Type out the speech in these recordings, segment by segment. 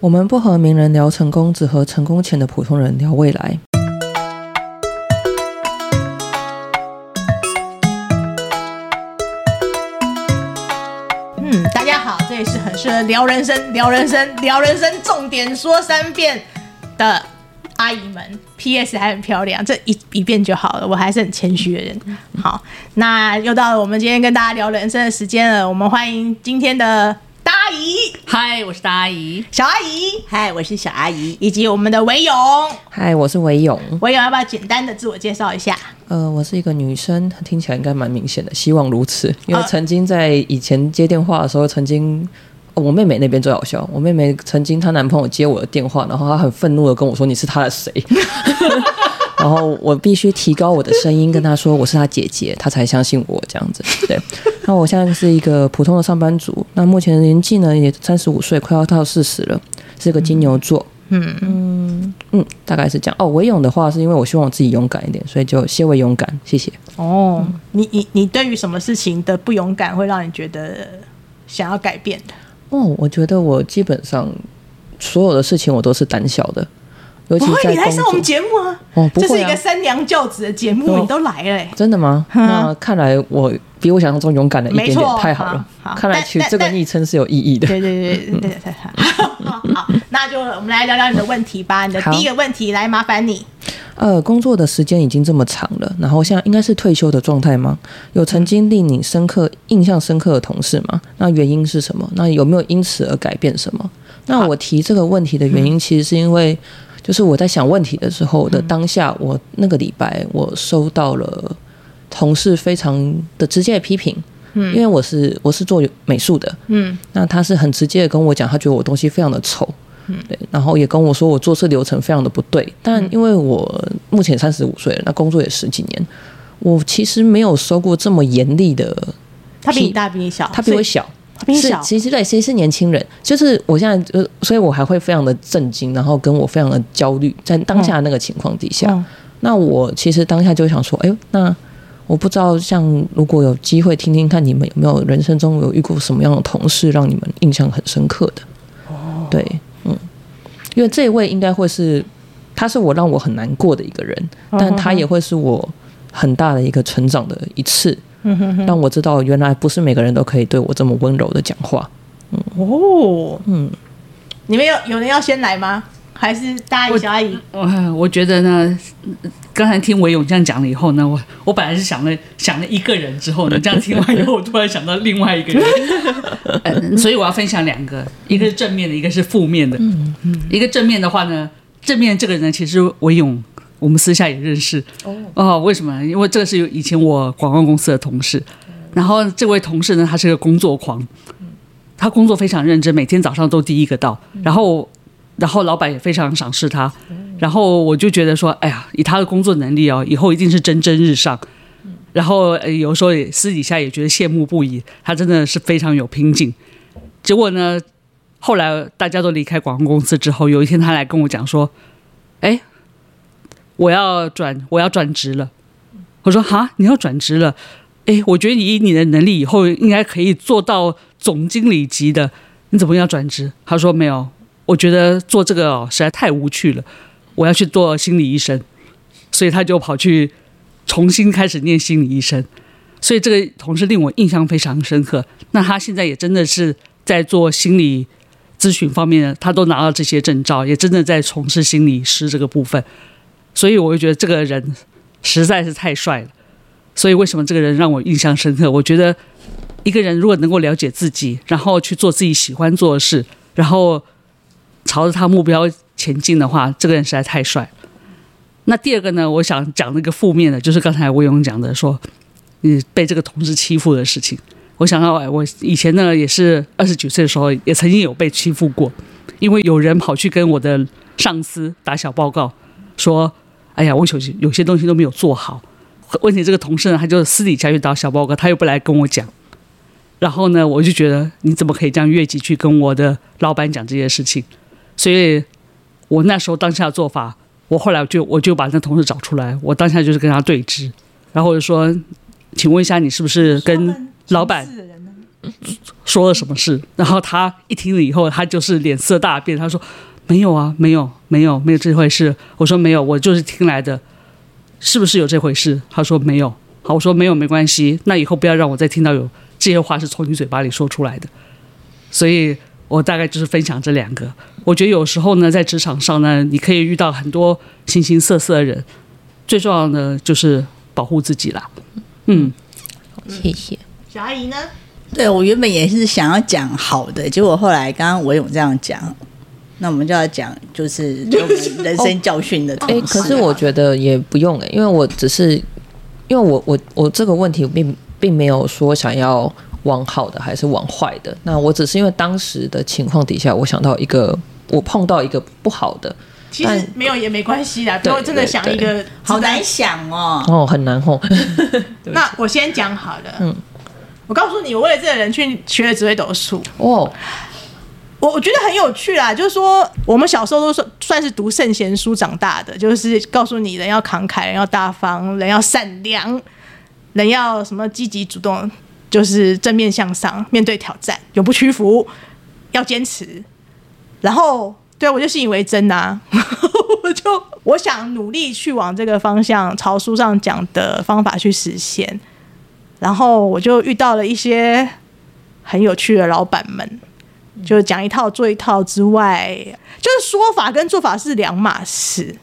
我們不和名人聊成功，只和成功前的普通人聊未來。嗯，大家好，這裡是很適合聊人生、聊人生、聊人生、聊人生，重點說三遍的阿姨們。P.S. 還很漂亮，這一一遍就好了。我還是很謙虛的人。好，那又到了我們今天跟大家聊人生的時間了。我們歡迎今天的。阿姨，嗨，我是大阿姨。小阿姨，嗨，我是小阿姨。以及我們的微勇，嗨，我是微勇。微勇要不要簡單的自我介紹一下？呃，我是一個女生，聽起來應該蠻明顯的，希望如此。因為曾經在以前接電話的時候，曾經、呃哦、我妹妹那邊最好笑。我妹妹曾經她男朋友接我的電話，然後她很憤怒的跟我說：“你是她的誰？” 然後我必須提高我的聲音跟他說，我是他姐姐，他才相信我這樣子。對，那我現在是一個普通的上班族，那目前年紀呢也三十五歲，快要到四十了，是個金牛座。嗯嗯嗯，大概是這樣。哦，微勇的話是因為我希望我自己勇敢一點，所以就些微勇敢，謝謝。哦，你你你對於什麼事情的不勇敢會讓你覺得想要改變的？哦，我覺得我基本上所有的事情我都是膽小的。不會，你來上我們節目啊！哦，這是一個三娘教子的節目，你都來了，真的嗎？那看來我比我想象中勇敢了一點點，太好了！看來其實這個昵稱是有意義的。對對對對對，好，那就我們來聊聊你的問題吧。你的第一個問題，來麻煩你。呃，工作的時間已經這麼長了，然後現在應該是退休的狀態嗎？有曾經令你深刻、印象深刻的同事嗎？那原因是什麼？那有沒有因此而改變什麼？那我提這個問題的原因，其實是因為。就是我在想問題的時候的當下，嗯、我那個禮拜我收到了同事非常的直接的批評，嗯，因為我是我是做美術的，嗯，那他是很直接的跟我講，他覺得我東西非常的醜，嗯，對，然後也跟我說我做事流程非常的不對，嗯、但因為我目前三十五歲了，那工作也十幾年，我其實沒有收過這麼嚴厲的，他比你大，比你小？他比我小。啊、是，其實對，其實是年輕人，就是我現在，所以我還會非常的震驚，然後跟我非常的焦慮，在當下那個情況底下，嗯、那我其實當下就想說，哎呦，那我不知道，像如果有機會聽聽看，你們有沒有人生中有遇過什麼樣的同事讓你們印象很深刻的？哦、對，嗯，因為這位應該會是，他是我讓我很難過的一個人，但他也會是我很大的一個成長的一次。但我知道，原來不是每個人都可以對我這麼溫柔的講話。嗯。哦，嗯，你們有有人要先來嗎？還是大阿姨、小阿姨？我我，我覺得呢，剛才聽微勇這樣講了以後呢，我我本來是想了想了一個人之後呢，這樣聽完以後，我突然想到另外一個人。 嗯、所以我要分享兩個，一個是正面的，一個是負面的。嗯嗯、一個正面的話呢，正面這個人其實微勇。我們私下也認識哦，為什麼？因為這個是以前我廣告公司的同事，然後這位同事呢，他是個工作狂，他工作非常認真，每天早上都第一個到，然後，然後老闆也非常賞識他，然後我就覺得說，哎呀，以他的工作能力啊，哦，以後一定是蒸蒸日上，然後、呃、有時候也私底下也覺得羨慕不已，他真的是非常有拼勁。結果呢，後來大家都離開廣告公司之後，有一天他來跟我講說，哎。我要轉，我要轉職了。我說：“哈，你要轉職了？哎，我覺得以你的能力，以後應該可以做到總經理級的。你怎麼要轉職？”他說：“沒有，我覺得做這個實在太無趣了，我要去做心理醫生。”所以他就跑去重新開始念心理醫生。所以這個同事令我印象非常深刻。那他現在也真的是在做心理諮詢方面，他都拿到這些證照，也真的在從事心理師這個部分。所以我就覺得這個人實在是太帥了。所以為什麼這個人讓我印象深刻？我覺得一個人如果能夠了解自己，然後去做自己喜歡做的事，然後朝着他目標前進的話，這個人實在太帥了。那第二個呢？我想講那個負面的，就是剛才微勇講的，說你被這個同事欺負的事情。我想到，哎，我以前呢也是二十九歲的時候，也曾經有被欺負過，因為有人跑去跟我的上司打小報告，說。哎呀，我有些有些東西都沒有做好，問題這個同事呢，他就私底下去打小報告，他又不來跟我講，然後呢，我就覺得你怎麼可以這樣越級去跟我的老闆講這些事情？所以，我那時候當下做法，我後來就我就把那同事找出來，我當下就是跟他對峙，然後我就說，請問一下你是不是跟老闆說了什麼事？然後他一聽了以後，他就是臉色大變，他說。沒有啊，沒有，沒有，沒有這回事。我說沒有，我就是聽來的，是不是有這回事？他說沒有。好，我說沒有，沒關係。那以後不要讓我再聽到有這些話是從你嘴巴裡說出來的。所以，我大概就是分享這兩個。我覺得有時候呢，在職場上呢，你可以遇到很多形形色色的人，最重要的就是保護自己啦。嗯，謝謝小阿姨呢。對我原本也是想要講好的，結果後來剛剛微勇這樣講。那我們就要講，就是對我們人生教訓的東西、啊。哎、 哦欸，可是我覺得也不用哎、欸，因為我只是，因為我我我這個問題並並沒有說想要往好的還是往壞的。那我只是因為當時的情況底下，我想到一個，嗯、我碰到一個不好的。其實沒有也沒關係啦，後但真的想一個對對對，好難想哦。哦，很難哦。 起 那我先講好了。嗯。我告訴你，我為了這個人去學了紫微斗數哦。我我覺得很有趣啦，就是說，我們小時候都是算是讀聖賢書長大的，就是告訴你人要慷慨，人要大方，人要善良，人要什麼積極主動，就是正面向上，面對挑戰永不屈服，要堅持。然後，對啊，我就信以為真啊， 我就我想努力去往這個方向，朝書上講的方法去實現。然後我就遇到了一些很有趣的老闆們。就是講一套做一套之外，就是說法跟做法是兩碼事，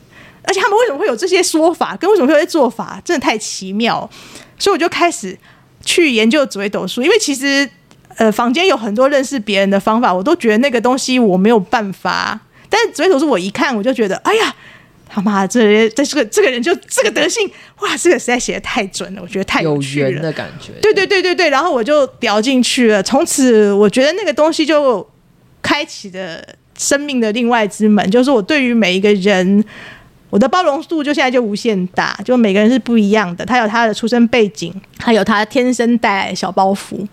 而且他們為什麼會有這些說法，跟為什麼會有這些做法，真的太奇妙，所以我就開始去研究紫微斗數，因為其實呃，坊間有很多認識別人的方法，我都覺得那個東西我沒有辦法，但是紫微斗數我一看我就覺得，哎呀。他媽、這個，這這個這個人就這個德性，哇，這個實在寫得太準了，我覺得太有學人的感覺。對對對對對，然後我就掉進去了，從此我覺得那個東西就開啟了生命的另外之門，就是我對於每一個人，我的包容度就現在就無限大，就每個人是不一樣的，他有他的出生背景，他有他的天生帶來小包袱，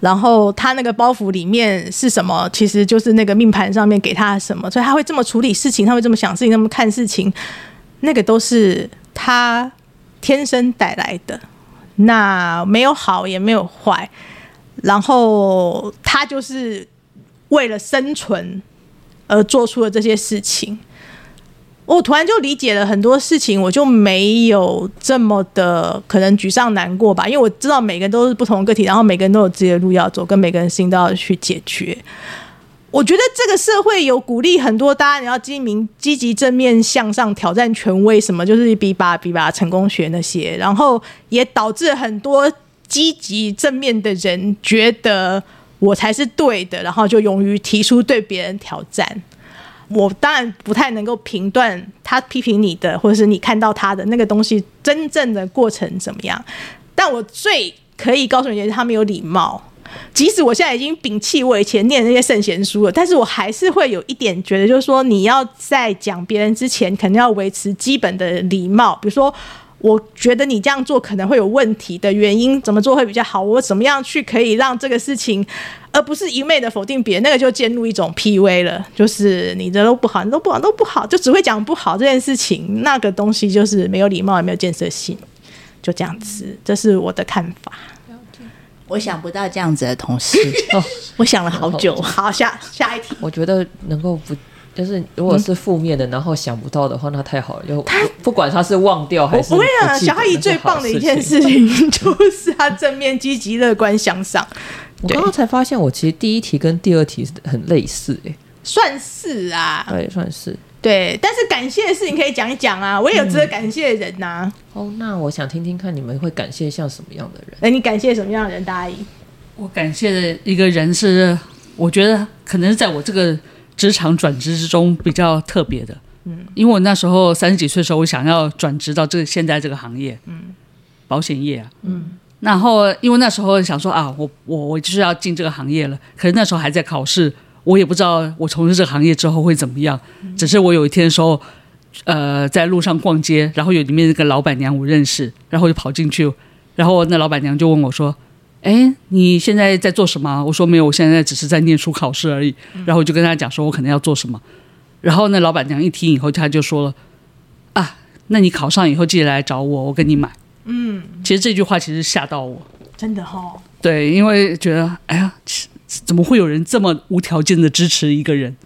然後他那個包袱裡面是什麼？其實就是那個命盤上面給他什麼，所以他會這麼處理事情，他會這麼想事情，那麼看事情，那個都是他天生帶來的。那沒有好也沒有壞，然後他就是為了生存而做出了這些事情。我突然就理解了很多事情，我就沒有這麼的可能沮喪難過吧，因為我知道每個人都是不同個體，然後每個人都有自己的路要走，跟每個人心情都要去解決。我覺得這個社會有鼓勵很多，大家你要精明、積極、正面向上、挑戰權威什麼，就是比吧比吧成功學那些，然後也導致很多積極正面的人覺得我才是對的，然後就勇於提出對別人挑戰。我當然不太能夠評斷他批評你的，或者是你看到他的那個東西真正的過程怎麼樣，但我最可以告訴你的是，他沒有禮貌。即使我現在已經摒棄我以前念的那些聖賢書了，但是我還是會有一點覺得，就是說你要在講別人之前，肯定要維持基本的禮貌，比如說。我覺得你這樣做可能會有問題的原因，怎麼做會比較好？我怎麼樣去可以讓這個事情，而不是一昧的否定別人，那個就陷入一種 PUA 了，就是你的都不好，你都不好都不好，就只會講不好這件事情，那個東西就是沒有禮貌也沒有建設性，就這樣子，這是我的看法。我想不到這樣子的同事， 我想了好久。好，下下一題，我覺得能夠不。就是如果是負面的，嗯、然後想不到的話，那太好了。他就他不管他是忘掉還是我跟你講、啊，小阿姨最棒的一件事情就是她正面積極樂觀向上。嗯、對我剛剛才發現，我其實第一題跟第二題很類似、欸，誒，算是啊，對，算是對。但是感謝的事情可以講一講啊，我也有值得感謝的人呐、啊。哦、嗯，oh, 那我想聽聽看你們會感謝像什麼樣的人？哎、欸，你感謝什麼樣的人，大阿姨？我感謝的一個人是，我覺得可能是在我這個。職場轉職之中比較特別的，嗯，因為我那時候三十幾歲的時候，我想要轉職到這現在這個行業，嗯，保險業啊，嗯，然後因為那時候想說啊，我我我就是要進這個行業了，可是那時候還在考試，我也不知道我從事這個行業之後會怎麼樣，嗯，只是我有一天的時候，呃，在路上逛街，然後有裡面那個老闆娘我認識，然後就跑進去，然後那老闆娘就問我說，哎，你現在在做什麼啊？我說沒有，我現在只是在念書考試而已。然後我就跟他講說，我可能要做什麼。嗯、然後那老闆娘一聽以後，她就說了：“啊，那你考上以後記得來找我，我給你買。”嗯，其實這句話其實嚇到我，真的哈、哦。對，因為覺得哎呀，怎麼會有人這麼無條件的支持一個人？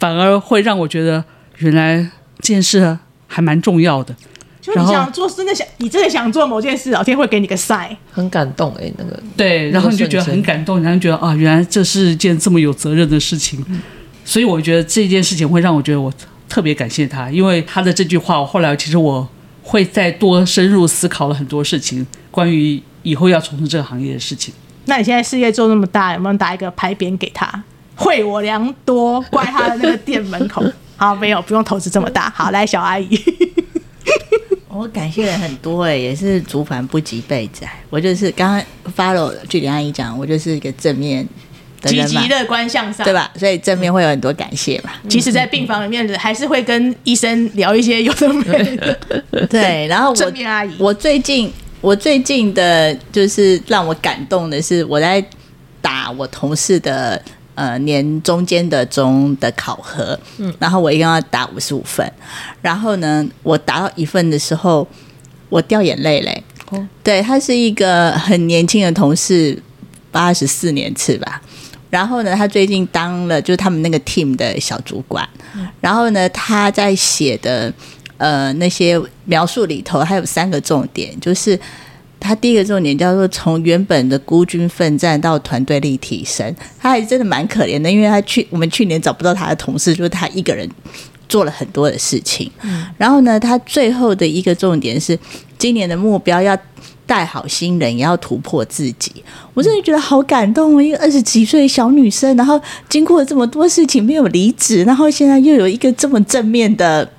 反而會讓我覺得，原來這件事還蠻重要的。就是你想做真的想，後你真的想做某件事，老天會給你個 sign。很感動哎、欸，那個對，個然後你就覺得很感動，然後覺得啊，原來這是一件這麼有責任的事情。嗯、所以我覺得這件事情會讓我覺得我特別感謝他，因為他的這句話，我後來其實我會再多深入思考了很多事情，關於以後要從事這個行業的事情。那你現在事業做那麼大，有沒有打一個牌匾給他？惠我良多，掛他的那個店門口。 好，沒有，不用投資這麼大。好，來小阿姨。 我感謝人很多哎、欸，也是族繁不及備載，欸。我就是剛剛 follow 句點阿姨講，我就是一個正面積極樂觀向上，對吧？所以正面會有很多感謝嘛。其實，在病房裡面，還是會跟醫生聊一些有正面的。 對，然後我阿姨，我最近我最近的就是讓我感動的是，我在打我同事的。呃，年中間的中的考核，然後我一定要打五十五分，嗯、然後呢，我打到一份的時候，我掉眼淚嘞。哦、對，他是一個很年輕的同事，八十四年次吧，然後呢，他最近當了就是他們那個 team 的小主管，嗯、然後呢，他在寫的呃那些描述裡頭還有三個重點就是。他第一個重點叫做從原本的孤軍奮戰到團隊力提升，他還真的蠻可憐的，因為他去我們去年找不到他的同事，就是他一個人做了很多的事情。嗯，然後呢，他最後的一個重點是今年的目標要帶好新人，也要突破自己。我真的覺得好感動哦，一個二十幾歲的小女生，然後經過了這麼多事情沒有離職，然後現在又有一個這麼正面的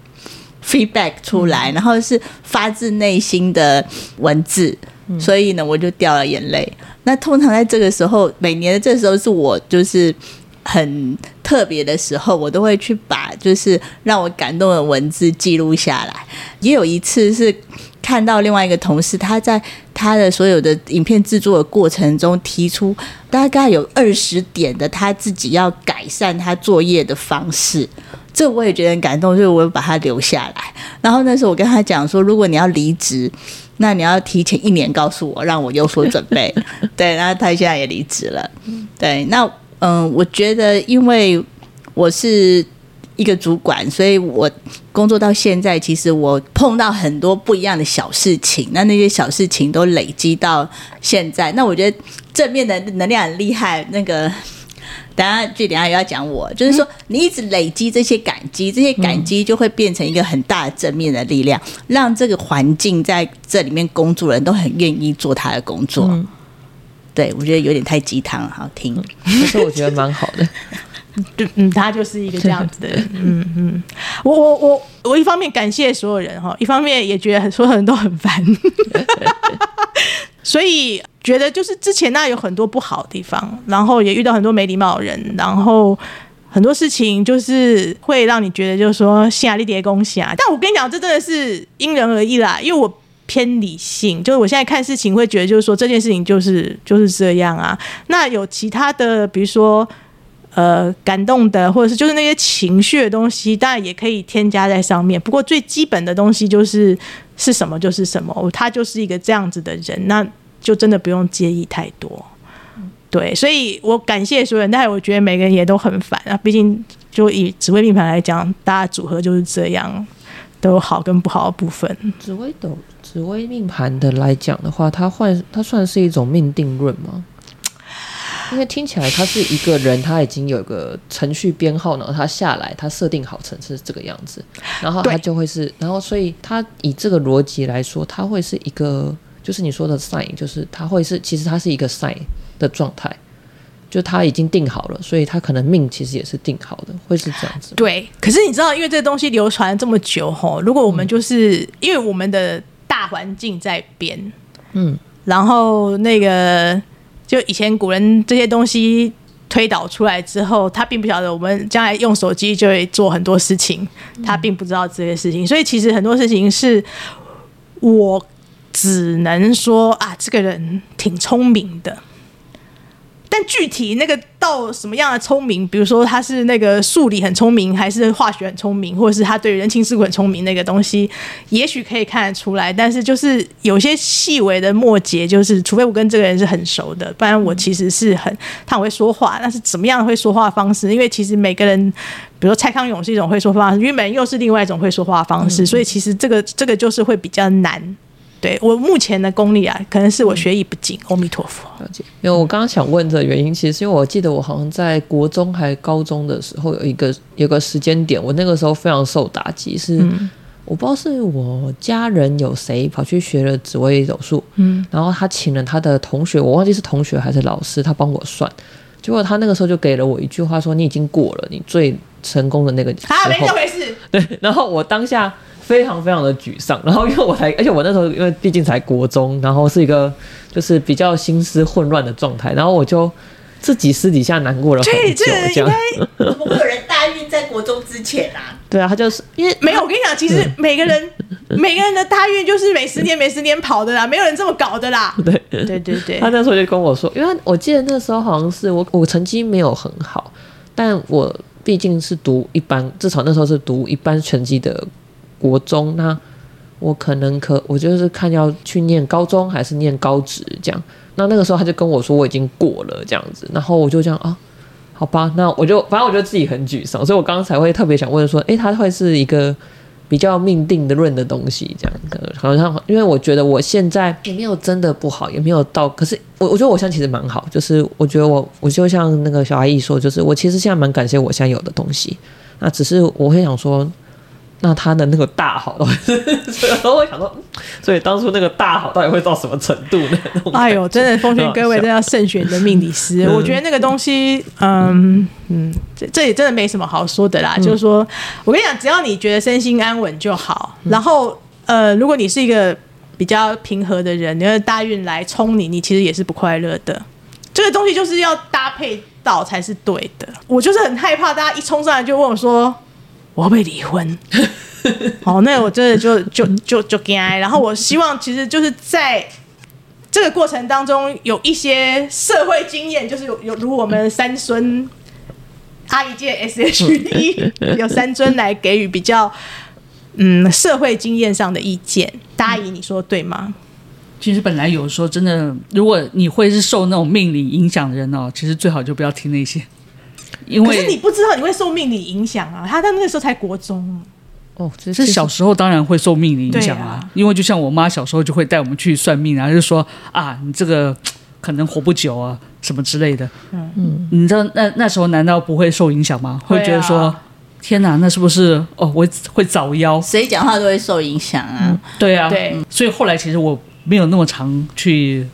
feedback 出來，然後是發自內心的文字。所以呢，我就掉了眼淚。那通常在這個時候，每年的這個時候是我就是很特別的時候，我都會去把就是讓我感動的文字記錄下來。也有一次是看到另外一個同事，他在他的所有的影片製作的過程中，提出大概有二十點的他自己要改善他作業的方式。這我也覺得很感動，所以我又把他留下來。然後那時候我跟他講說，如果你要離職。那你要提前一年告訴我，讓我有所準備。 對，然後他現在也離職了。對，那嗯、呃，我覺得因為我是一個主管，所以我工作到現在，其實我碰到很多不一樣的小事情。那那些小事情都累積到現在，那我覺得正面的能量很厲害。那個。等一下，句點還要講我，嗯、就是說，你一直累積這些感激，這些感激就會變成一個很大的正面的力量，嗯、讓這個環境，在這裡面工作的人都很願意做他的工作。嗯、對，我覺得有點太雞湯了，好聽、嗯。可是我覺得蠻好的。 對，嗯，他就是一個這樣子的人。嗯嗯，我我我我一方面感謝所有人哈，一方面也覺得很所有人都很煩， 所以覺得就是之前那、啊、有很多不好的地方，然後也遇到很多沒禮貌的人，然後很多事情就是會讓你覺得就是說心壓力跌，恭喜啊！但我跟你講，這真的是因人而異啦，因為我偏理性，就是我現在看事情會覺得就是說這件事情就是就是這樣啊。那有其他的，比如說。呃，感動的或者是就是那些情緒的東西，當然也可以添加在上面。不過最基本的東西就是是什麼就是什麼，他就是一個這樣子的人，那就真的不用介意太多。對，所以我感謝所有人，但是我覺得每個人也都很煩。啊，畢竟就以紫微命盤來講，大家組合就是這樣，都有好跟不好的部分。紫微斗、紫微命盤的來講的話，它換它算是一種命定論嗎？因為聽起來，他是一個人，他已經有一個程序編號，然後他下來，他設定好程式這個樣子，然後他就會是，然後所以他以這個邏輯來說，他會是一個，就是你說的 sign，就是他會是，其實他是一個 sign 的狀態，就他已經定好了，所以他可能命其實也是定好的，會是這樣子。對，可是你知道，因為這東西流傳這麼久吼、哦，如果我們就是、嗯、因為我們的大環境在變，嗯，然後那個。就以前古人這些東西推導出來之後，他並不曉得我們將來用手機就會做很多事情，他並不知道這些事情，嗯。所以其實很多事情是，我只能說啊，這個人挺聰明的。但具體那個到什麼樣的聰明，比如說他是那個數理很聰明，還是化學很聰明，或者是他對人情世故很聰明那個東西，也許可以看得出來。但是就是有些細微的末節，就是除非我跟這個人是很熟的，不然我其實是很他很會說話。但是怎麼樣會說話方式？因為其實每個人，比如說蔡康永是一種會說話方式，於美人又是另外一種會說話方式。所以其實這個這個就是會比較難。對我目前的功力啊，可能是我學藝不精。阿彌陀佛、嗯，了解。因為我剛剛想問這個原因，其實是因為我記得我好像在國中還高中的時候有，有一個有個時間點，我那個時候非常受打擊，是、嗯、我不知道是我家人有誰跑去學了紫微斗數，嗯，然後他請了他的同學，我忘記是同學還是老師，他幫我算，結果他那個時候就給了我一句話說：“你已經過了，你最。”成功的那個啊，後沒事沒事。對，然後我當下非常非常的沮喪，然後因為我才，而且我那時候因為畢竟才國中，然後是一個就是比較心思混亂的狀態，然後我就自己私底下難過了很久，所以這個人應該，我有人大運在國中之前啦、啊？ 對啊，他就是因為沒有。他我跟你講，其實每個人、嗯、每個人的大運就是每十年 每十年跑的啦，沒有人這麼搞的啦。對對對對，他那時候就跟我說，因為我記得那時候好像是我我成績沒有很好，但我。畢竟是讀一般，至少那時候是讀一般成績的國中。那我可能可，我就是看要去念高中還是念高職這樣。那那個時候他就跟我說我已經過了這樣子，然後我就這樣啊，好吧，那我就反正我覺得自己很沮喪，所以我剛剛才會特別想問說，哎，他會是一個。比較命定的、論的東西，這樣子，好像因為我覺得我現在也沒有真的不好，也沒有到，可是我我覺得我現在其實蠻好，就是我覺得我我就像那個小阿姨說，就是我其實現在蠻感謝我現在有的東西，那只是我會想說。那他的那個大好，所以我會想說，所以當初那個大好到底會到什麼程度呢？哎呦，真的奉勸各位都要慎選的命理師。嗯、我覺得那個東西，嗯嗯，這、嗯嗯、這也真的沒什麼好說的啦。嗯、就是說我跟你講，只要你覺得身心安穩就好。然後呃，如果你是一個比較平和的人，你的大運來沖你，你其實也是不快樂的。這個東西就是要搭配到才是對的。我就是很害怕大家一衝上來就問我說。我要被離婚，好、 哦，那我真的就就就就幹。然後我希望其實就是在這個過程當中有一些社會經驗，就是有有如我們三孫 阿姨界 SHE， 有三尊來給予比較嗯社會經驗上的意見。大姨，你說對嗎？其實本來有時候真的，如果你會是受那種命理影響的人哦，其實最好就不要聽那些。因為可是你不知道你會受命理影響啊！他在那個時候才國中，哦，這是這小時候當然會受命理影響啊，啊因為就像我媽小時候就會帶我們去算命，啊，然後就說啊，你這個可能活不久啊，什麼之類的。嗯嗯，你知道那那時候難道不會受影響嗎？嗯、會覺得說、啊、天哪，那是不是哦？我會，會早夭？誰講話都會受影響啊、嗯！對啊，對，所以後來其實我沒有那麼常去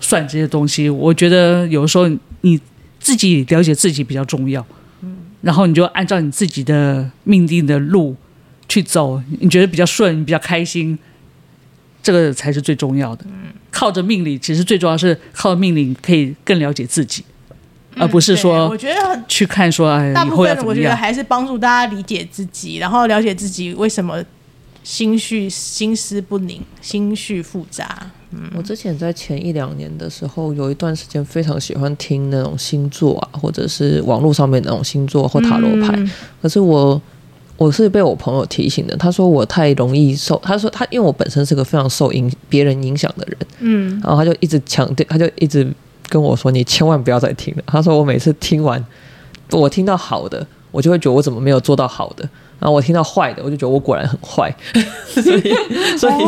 算這些東西。我覺得有時候你。自己了解自己比較重要，嗯，然後你就按照你自己的命定的路去走，你覺得比較順，比較開心，這個才是最重要的。嗯，靠着命理其實最重要是靠命理可以更了解自己，嗯，而不是說我覺得去看說，對唉大部分我覺得還是幫助大家理解自己，然後了解自己為什麼心緒心思不寧，心緒複雜。我之前在前一兩年的時候，有一段時間非常喜歡聽那種星座啊，或者是網絡上面那種星座或塔羅牌。可是我我是被我朋友提醒的，他說我太容易受，他說他因為我本身是個非常受影別人影響的人，嗯，然後他就一直強調，他就一直跟我說，你千萬不要再聽了。他說我每次聽完，我聽到好的，我就會覺得我怎麼沒有做到好的。然後、啊、我聽到壞的，我就覺得我果然很壞 以、 哦，所以所以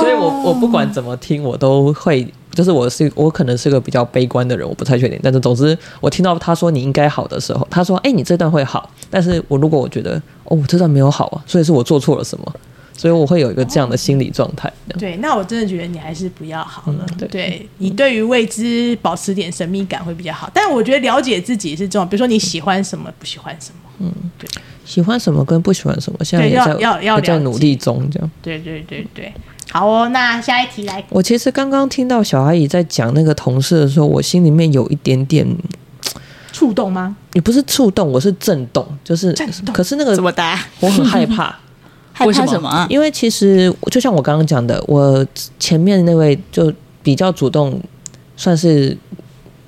所以我我不管怎麼聽，我都會，就是我是我可能是個比較悲觀的人，我不太確定。但是總之，我聽到他說你應該好的時候，他說哎、欸，你這段會好，但是我如果我覺得哦，我這段沒有好啊，所以是我做錯了什麼，所以我會有一個這樣的心理狀態、哦。對，那我真的覺得你還是不要好了，嗯、對，對你對於未知保持點神秘感會比較好。嗯、但我覺得了解自己是重要，比如說你喜歡什麼，不喜歡什麼，嗯，對。喜歡什麼跟不喜歡什麼，現在也在在努力中，這樣。對對對對，好哦，那下一題來。我其實剛剛聽到小阿姨在講那個同事的時候，我心裡面有一點點觸動嗎？你不是觸動，我是震動，就是動可是那個怎麼打？我很害怕， 害怕什麼啊？因為其實就像我剛剛講的，我前面那位就比較主動，算是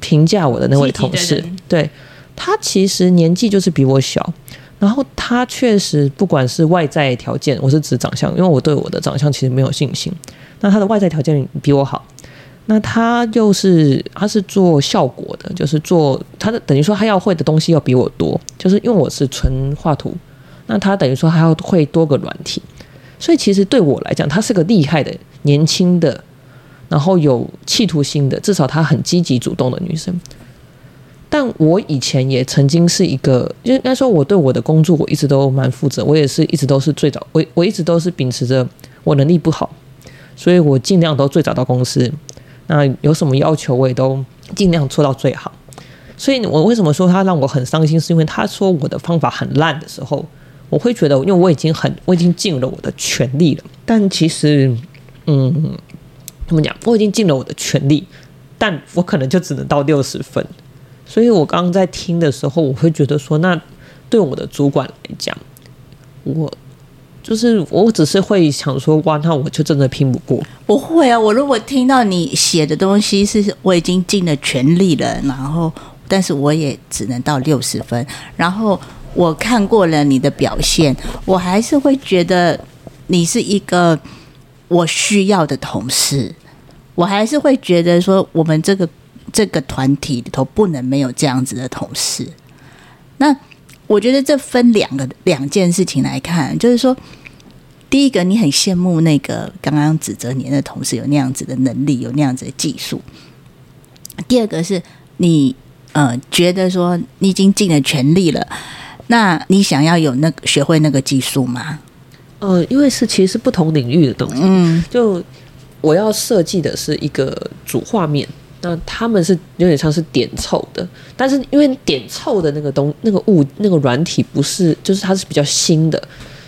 評價我的那位同事，對，他其實年紀就是比我小。然後她確實，不管是外在條件，我是指長相，因為我對我的長相其實沒有信心。那她的外在條件比我好，那她又是，她是做效果的，就是做她的，她等於說她要會的東西要比我多，就是因為我是純畫圖，那她等於說還要會多個軟體，所以其實對我來講，她是個厲害的、年輕的，然後有企圖心的，至少她很積極主動的女生。但我以前也曾經是一個，應該說我對我的工作我一直都蠻負責，我也是一直都是最早，我我一直都是秉持着我能力不好，所以我盡量都最早到公司。那有什麼要求，我也都盡量做到最好。所以我為什麼說他讓我很傷心，是因為他說我的方法很爛的時候，我會覺得，因為我已經很，我已經盡了我的全力了。但其實，嗯，怎麼講，我已經盡了我的全力，但我可能就只能到六十分。所以，我剛剛在聽的時候，我會覺得說，那對我的主管來講，我就是我只是會想說，哇，那我就真的拼不過。不會啊，我如果聽到你寫的東西是我已經盡了全力了，然後但是我也只能到六十分，然後我看過了你的表現，我還是會覺得你是一個我需要的同事，我還是會覺得說我們這個。這個團體裡頭不能沒有這樣子的同事。那我覺得這分兩個兩件事情來看，就是說，第一個你很羨慕那個剛剛指責你的同事有那樣子的能力，有那樣子的技術；第二個是你呃覺得說你已經盡了全力了，那你想要有那個學會那個技術嗎？呃，因為是其實是不同領域的東西。嗯，就我要設計的是一個主畫面。那他們是有點像是點臭的，但是因為點臭的那個東、那個物、那個軟體不是，就是它是比較新的，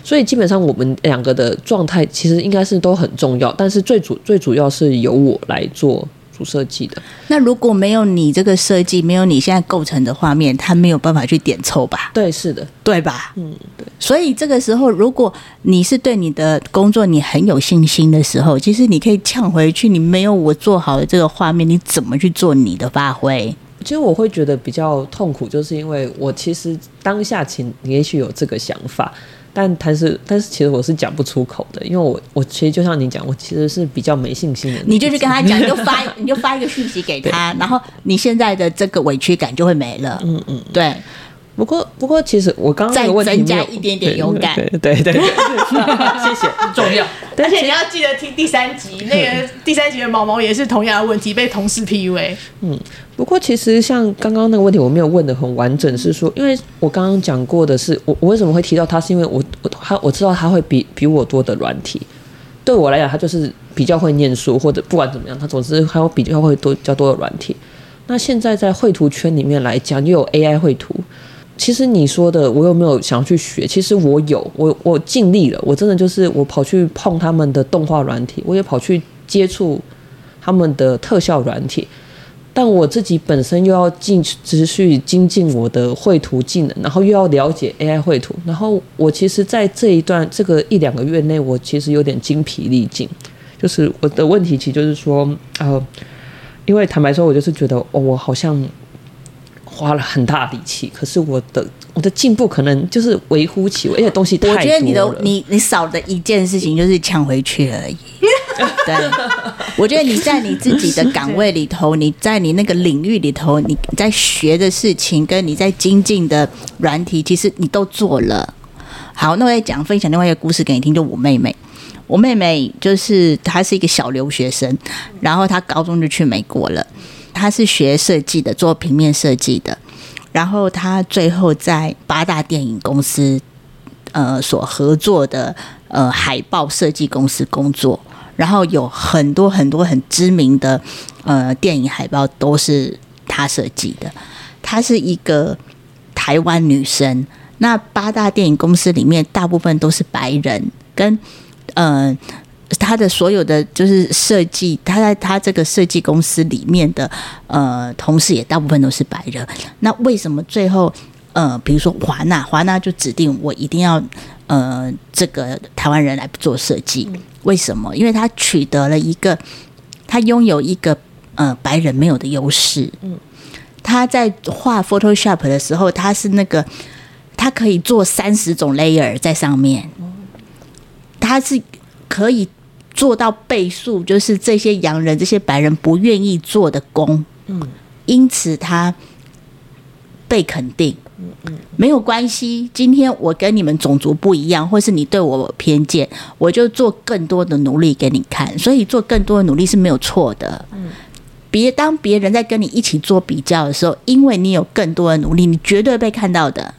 所以基本上我們兩個的狀態其實應該是都很重要，但是最主最主要是由我來做。出設計的那如果沒有你這個設計，沒有你現在構成的畫面，他沒有辦法去點抽吧？對，是的，對吧？嗯，對。所以這個時候，如果你是對你的工作你很有信心的時候，其實你可以嗆回去。你沒有我做好的這個畫面，你怎麼去做你的發揮？其實我會覺得比較痛苦，就是因為我其實當下請也許有這個想法。但他是，但是其實我是講不出口的，因為我我其實就像你講，我其實是比較沒信心的。你就去跟他講，你就發，你就發一個訊息給他， 對 然後你現在的這個委屈感就會沒了。嗯嗯，對。不過，不過，其實我剛剛再增加一點點勇敢，對對，對對對， 謝謝，很重要。對對而且你要記得聽第三集，對那個第三集的毛毛也是同樣的問題，嗯、被同事 PUA、欸。嗯，不過其實像剛剛那個問題，我沒有問得很完整，嗯、是說，因為我剛剛講過的是，我我為什麼會提到他，是因為我我他我知道他會比比我多的軟體，對我來講，他就是比較會念書，或者不管怎麼樣，他總之還有比較會多較多的軟體。那現在在繪圖圈裡面來講，就有 AI 繪圖。其實你說的，我有沒有想要去學？其實我有，我我盡力了。我真的就是我跑去碰他們的動畫軟體，我也跑去接觸他們的特效軟體。但我自己本身又要進持續精進我的繪圖技能，然後又要了解 AI 繪圖。然後我其實，在這一段這個一兩個月內，我其實有點精疲力盡。就是我的問題，其實就是說，呃，因為坦白說，我就是覺得，哦，我好像。花了很大力氣，可是我的我的進步可能就是微乎其微，而且東西太多了。我覺得你的你你少的一件事情就是嗆回去而已。 對，我覺得你在你自己的崗位裡頭，你在你那個領域裡頭，你在學的事情跟你在精進的軟體，其實你都做了。好，那我也講分享另外一個故事給你聽，就我妹妹。我妹妹就是她是一個小留學生，然後她高中就去美國了。她是學設計的，做平面設計的。然後她最後在八大電影公司，呃，所合作的呃海報設計公司工作。然後有很多很多很知名的呃電影海報都是她設計的。她是一個台灣女生。那八大電影公司裡面大部分都是白人，跟嗯。呃他的所有的就是設計，他在他這個設計公司裡面的呃同事也大部分都是白人。那為什麼最後呃，比如說華納，華納就指定我一定要呃這個台灣人來做設計？嗯、為什麼？因為他取得了一個他擁有一個呃白人沒有的優勢。嗯，他在畫 Photoshop 的時候，他是那個他可以做三十種 layer 在上面，他是可以。做到倍數，就是這些洋人、這些白人不願意做的工，因此他被肯定，沒有關係。今天我跟你們種族不一樣，或是你對我偏見，我就做更多的努力給你看。所以做更多的努力是沒有錯的，別當別人在跟你一起做比較的時候，因為你有更多的努力，你絕對被看到的。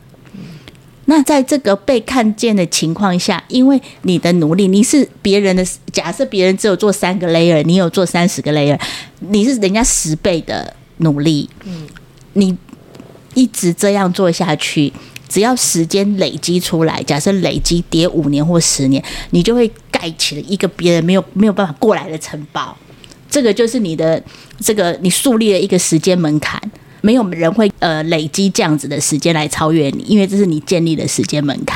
那在這個被看見的情況下，因為你的努力，你是別人的，假設別人只有做三個 layer，你有做三十個 layer，你是人家十倍的努力。嗯，你一直這樣做下去，只要時間累積出來，假設累積疊五年或十年，你就會蓋起了一個別人沒有沒有辦法過來的城堡。這個就是你的這個，你樹立了一個時間門檻。沒有人會呃累積這樣子的時間來超越你，因為這是你建立的時間門檻。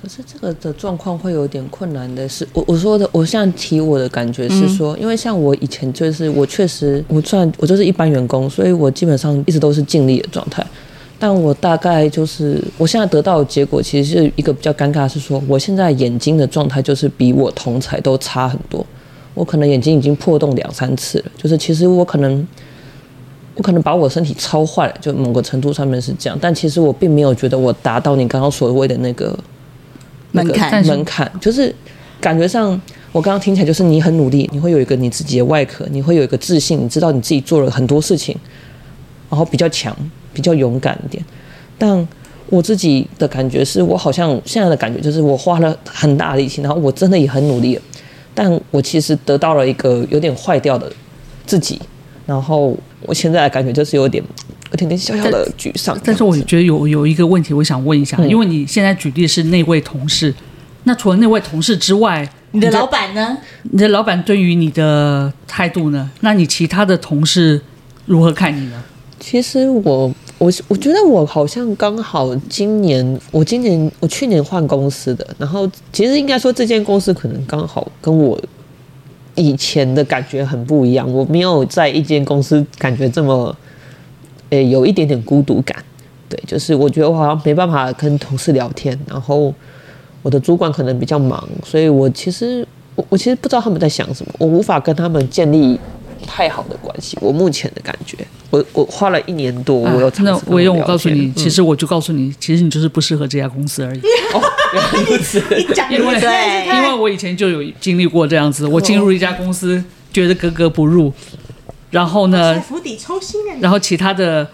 可是這個的狀況會有點困難的是，我我說的，我現在提我的感覺是說，嗯、因為像我以前就是我確實，我算我就是一般員工，所以我基本上一直都是盡力的狀態。但我大概就是我現在得到的結果，其實是一個比較尷尬，是說我現在眼睛的狀態就是比我同才都差很多。我可能眼睛已經破洞兩三次了，就是其實我可能。我可能把我身體操壞了，就某個程度上面是這樣，但其實我並沒有覺得我達到你剛剛所謂的那個門檻，那個門檻，就是感覺上我剛剛聽起來就是你很努力，你會有一個你自己的外殼，你會有一個自信，你知道你自己做了很多事情，然後比較強，比較勇敢一點。但我自己的感覺是我好像現在的感覺就是我花了很大的力氣，然後我真的也很努力了，但我其實得到了一個有點壞掉的自己。然後我現在感覺就是有點有點，點小小的沮喪，但但是我覺得有有一個問題，我想問一下，嗯，因為你現在舉例是那位同事，那除了那位同事之外，你的，你的老闆呢？你的老闆對於你的態度呢？那你其他的同事如何看你呢？其實我我我覺得我好像剛好今年，我今年我去年換公司的，然後其實應該說這間公司可能剛好跟我以前的感覺很不一樣，我沒有在一間公司感覺這麼，誒、欸，有一點點孤獨感。對，就是我覺得我好像沒辦法跟同事聊天，然後我的主管可能比較忙，所以我其實我我其實不知道他們在想什麼，我無法跟他們建立。太好的關係，我目前的感覺，我我花了一年多，啊、我要我那我用我告訴你，其實我就告訴你，嗯、其實你就是不適合這家公司而已。如此、yeah. 哦，因為你你因為我以前就有經歷過這樣子，我進入一家公司覺得格格不入，然後呢，然後其他的，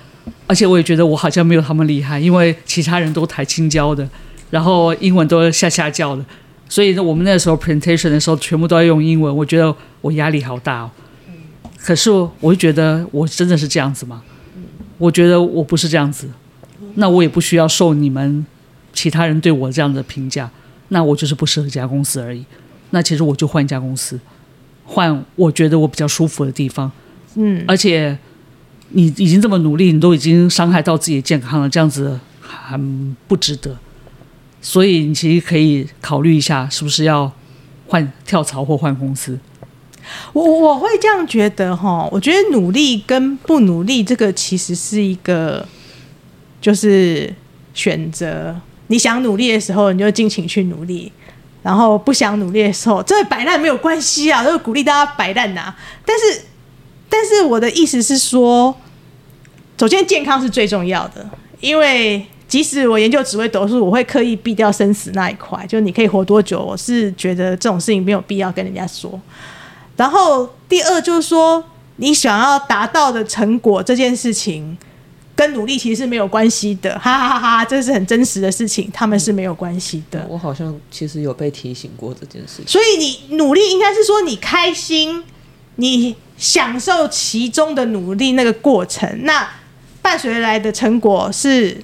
而且我也覺得我好像沒有他們厲害，因為其他人都台清交的，然後英文都嚇嚇叫的，所以呢，我們那時候 presentation 的時候全部都要用英文，我覺得我壓力好大哦。可是，我會覺得，我真的是這樣子嗎？我覺得我不是這樣子，那我也不需要受你們其他人對我這樣的評價。那我就是不適合這家公司而已。那其實我就換一家公司，換我覺得我比較舒服的地方。嗯，而且你已經這麼努力，你都已經傷害到自己的健康了，這樣子很不值得。所以，你其實可以考慮一下，是不是要換跳槽或換公司。我我會這樣覺得哈，我覺得努力跟不努力這個其實是一個，就是選擇。你想努力的時候，你就盡情去努力，然後不想努力的時候，這擺爛沒有關係啊，都是鼓勵大家擺爛吶。但是，但是我的意思是說，首先健康是最重要的，因為即使我研究紫微斗數，我會刻意避掉生死那一塊，就是你可以活多久，我是覺得這種事情沒有必要跟人家說。然後第二就是說，你想要達到的成果這件事情，跟努力其實是沒有關係的，哈哈哈哈，這是很真實的事情，他們是沒有關係的。我好像其實有被提醒過這件事情，所以你努力應該是說你開心，你享受其中的努力那個過程，那伴隨來的成果是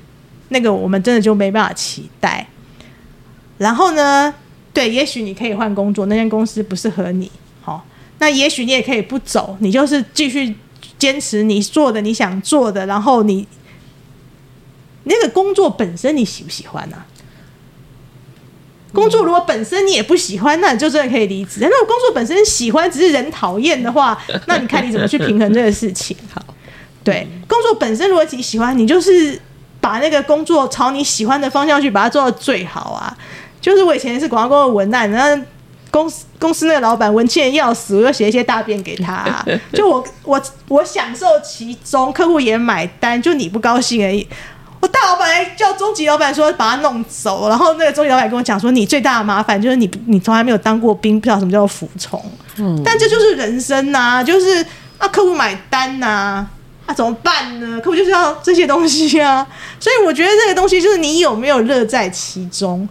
那個我們真的就沒辦法期待。然後呢，對，也許你可以換工作，那間公司不適合你。那也許你也可以不走，你就是繼續堅持你做的你想做的，然後你，你那個工作本身你喜不喜歡呢、啊？工作如果本身你也不喜歡，那你就真的可以離職。那工作本身喜歡，只是人討厭的話，那你看你怎麼去平衡這個事情？好，對，工作本身如果自己喜歡，你就是把那個工作朝你喜歡的方向去把它做到最好啊。就是我以前是廣告公司文案，然後。公司公司那個老闆文倩要死，我又寫一些大便給他、啊，就我我我享受其中，客戶也買單，就你不高興而已。我大老闆還叫中級老闆說把他弄走，然後那個中級老闆跟我講說，你最大的麻煩就是你你從來沒有當過兵，不知道什麼叫做服從。嗯，但這就是人生吶、啊，就是啊，客戶買單吶、啊，啊怎麼辦呢？客戶就是要這些東西啊，所以我覺得這個東西就是你有沒有樂在其中。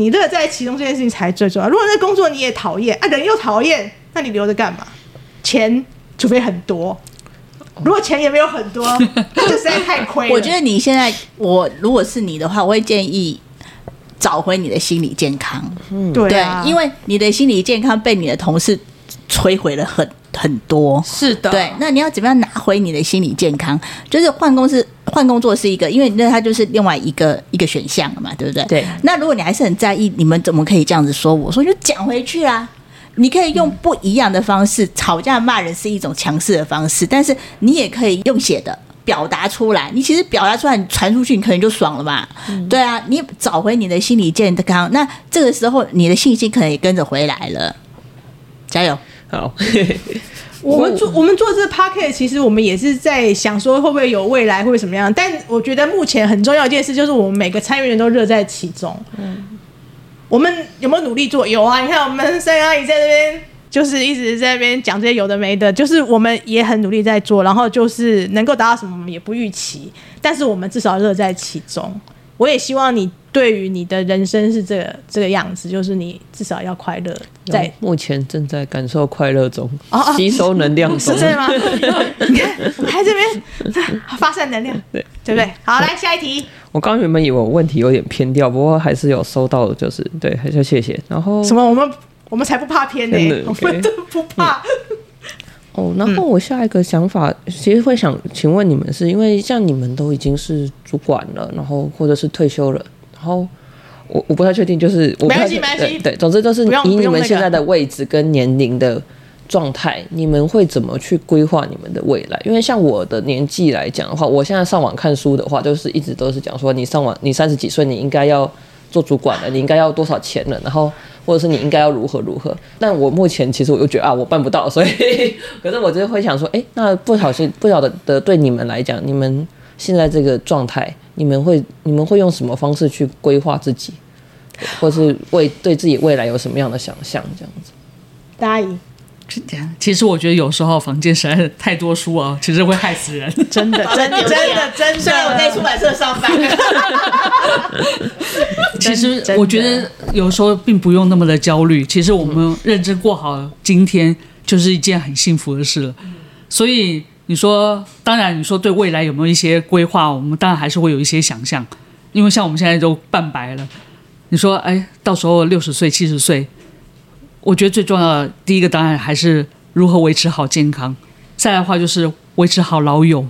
你樂在其中這件事情才最重要。如果那工作你也討厭啊，人又討厭，那你留着幹嘛？錢除非很多，如果錢也沒有很多，這實在太虧了。我覺得你現在，我如果是你的話，我會建議找回你的心理健康。嗯，對，對啊，因為你的心理健康被你的同事摧毀了很很多。是的，對。那你要怎麼樣拿回你的心理健康？就是換公司。換工作是一個，因為那他就是另外一個一個選項嘛，對不對？對。那如果你還是很在意，你們怎麼可以這樣子說？我說就講回去啦、啊。你可以用不一樣的方式、嗯、吵架罵人是一種強勢的方式，但是你也可以用寫的表達出來。你其實表達出來，你傳出去，你可能就爽了嘛。嗯、對啊，你找回你的心理健康，那這個時候你的信心可能也跟着回來了。加油！好， 我們做我們做這個 Podcast 其實我們也是在想說會不會有未來，會不會怎麼樣。但我覺得目前很重要一件事就是，我們每個參與人都樂在其中。嗯，我們有沒有努力做？有啊，你看我們三個阿姨在那邊，就是一直在那邊講這些有的沒的，就是我們也很努力在做。然後就是能夠達到什麼，我們也不預期，但是我們至少樂在其中。我也希望你對於你的人生是這個這個樣子，就是你至少要快樂。在目前正在感受快樂中，吸收能量中，是真的嗎？你看，還在這邊發散能量，對，對不對？好，來下一題。我剛原本以為問題有點偏掉，不過還是有收到的，就是對，還是謝謝。然後什麼？我們我們才不怕偏呢，我們都不怕。哦，然後我下一個想法、嗯、其實會想，請問你們是因為像你們都已經是主管了，然後或者是退休了，然後我我不太確定，就是我不太，沒關係，沒關係、呃，對，總之就是以你們現在的位置跟年齡的狀態，那個、你們會怎麼去規劃你們的未來？因為像我的年紀來講的話，我現在上網看書的話，就是一直都是講說，你上網，你三十幾歲，你應該要做主管了，你應該要多少錢了，然後。或者是你應該要如何如何，但我目前其實我又覺得啊，我辦不到，所以，可是我就會想說，哎、欸，那不小心不曉得的，對你們來講，你們現在這個狀態，你們會你們會用什麼方式去規劃自己，或是為對自己未來有什麼樣的想象這樣子？大阿姨。其實我覺得有時候房間實在是太多書啊，其實會害死人，真的，真的，真的了，真的。我在出版社上班，哈哈哈哈哈哈。其實我覺得有時候並不用那麼的焦慮，其實我們認真過好今天就是一件很幸福的事了。所以你說，當然你說對未來有沒有一些規劃？我們當然還是會有一些想象，因為像我們現在都半白了。你說，哎，到時候六十歲、七十歲。我覺得最重要的第一個當然還是如何維持好健康，再來的話就是維持好老友，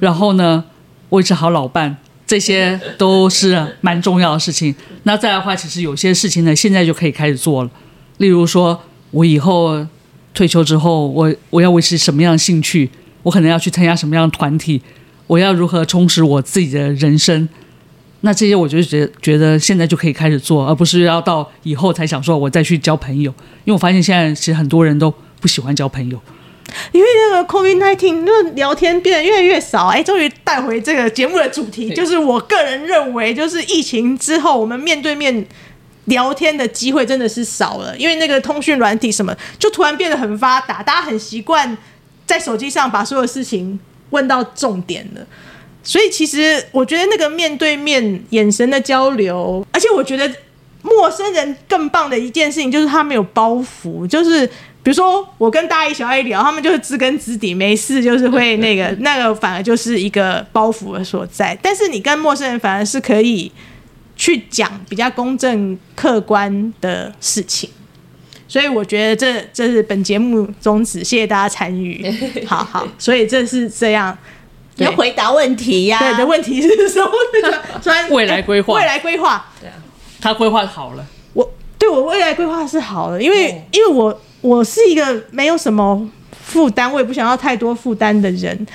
然後呢，維持好老伴，這些都是蠻重要的事情。那再來的話，其實有些事情呢，現在就可以開始做了。例如說，我以後退休之後，我我要維持什麼樣的興趣？我可能要去參加什麼樣的團體？我要如何充實我自己的人生？那這些，我覺得覺覺得現在就可以開始做，而不是要到以後才想說，我再去交朋友。因為我發現現在其實很多人都不喜歡交朋友，因為那個 COVID-19 那聊天變得越來越少。哎、欸，終於帶回這個節目的主題，就是我個人認為，就是疫情之後，我們面對面聊天的機會真的是少了，因為那個通訊軟體什麼就突然變得很發達，大家很習慣在手機上把所有事情問到重點了。所以其實我覺得那個面對面眼神的交流，而且我覺得陌生人更棒的一件事情就是他們有包袱，就是比如說我跟大姨小一小 A 聊，他們就是知根知底，沒事就是會那個 那個反而就是一個包袱的所在。但是你跟陌生人反而是可以去講比較公正客觀的事情，所以我覺得這這是本節目宗旨。謝謝大家參與，好好，所以這是這樣。對要回答問題呀、啊？對，的問題是什麼、欸？未來規劃，未來規劃。對啊，他規劃好了。我對我未來規劃是好的，因為、哦、因為我我是一個沒有什麼負擔，我也不想要太多負擔的人。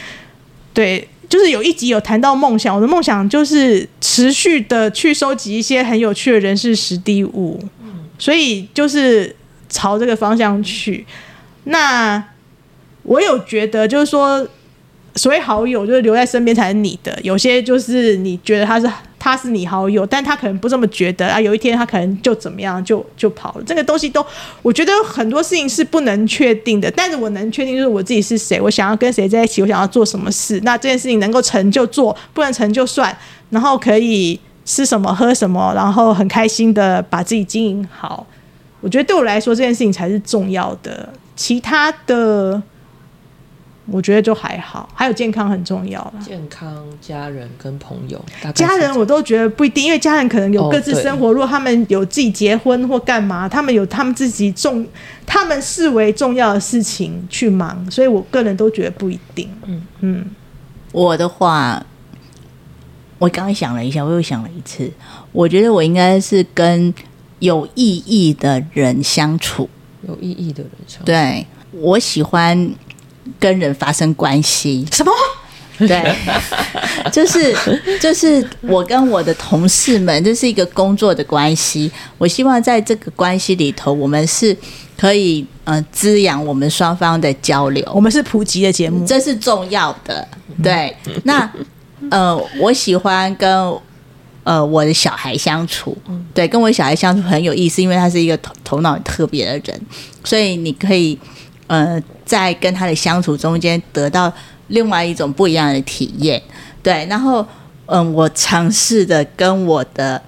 對，就是有一集有談到夢想，我的夢想就是持續的去收集一些很有趣的人事實地物，嗯、所以就是朝這個方向去。那我有覺得，就是說。所謂好友，就是留在身邊才是你的。有些就是你覺得他是他是你好友，但他可能不這麼覺得啊。有一天他可能就怎麼樣，就就跑了。這個東西都，我覺得很多事情是不能確定的。但是我能確定就是我自己是誰，我想要跟誰在一起，我想要做什麼事。那這件事情能夠成就做，不能成就算。然後可以吃什麼喝什麼，然後很開心的把自己經營好。我覺得對我來說，這件事情才是重要的。其他的。我覺得就還好，還有健康很重要。健康、家人跟朋友，家人我都覺得不一定，因為家人可能有各自生活，oh, 對如果他們有自己結婚或幹嘛，他們有他們自己重，他們視為重要的事情去忙，所以我個人都覺得不一定。嗯嗯，我的話，我剛剛想了一下，我又想了一次，我覺得我應該是跟有意義的人相處。有意義的人相處，對，我喜歡。跟人發生關係什麼？對，就是就是我跟我的同事們，這、就是一個工作的關係。我希望在這個關係裡頭，我們是可以呃滋養我們雙方的交流。我們是普及的節目、嗯，這是重要的。對，那呃，我喜歡跟呃我的小孩相處。嗯、對，跟我小孩相處很有意思，因為他是一個頭頭腦特別的人，所以你可以。嗯、呃，在跟他的相處中間，得到另外一種不一樣的體驗。對，然後，嗯，我嘗試著跟我的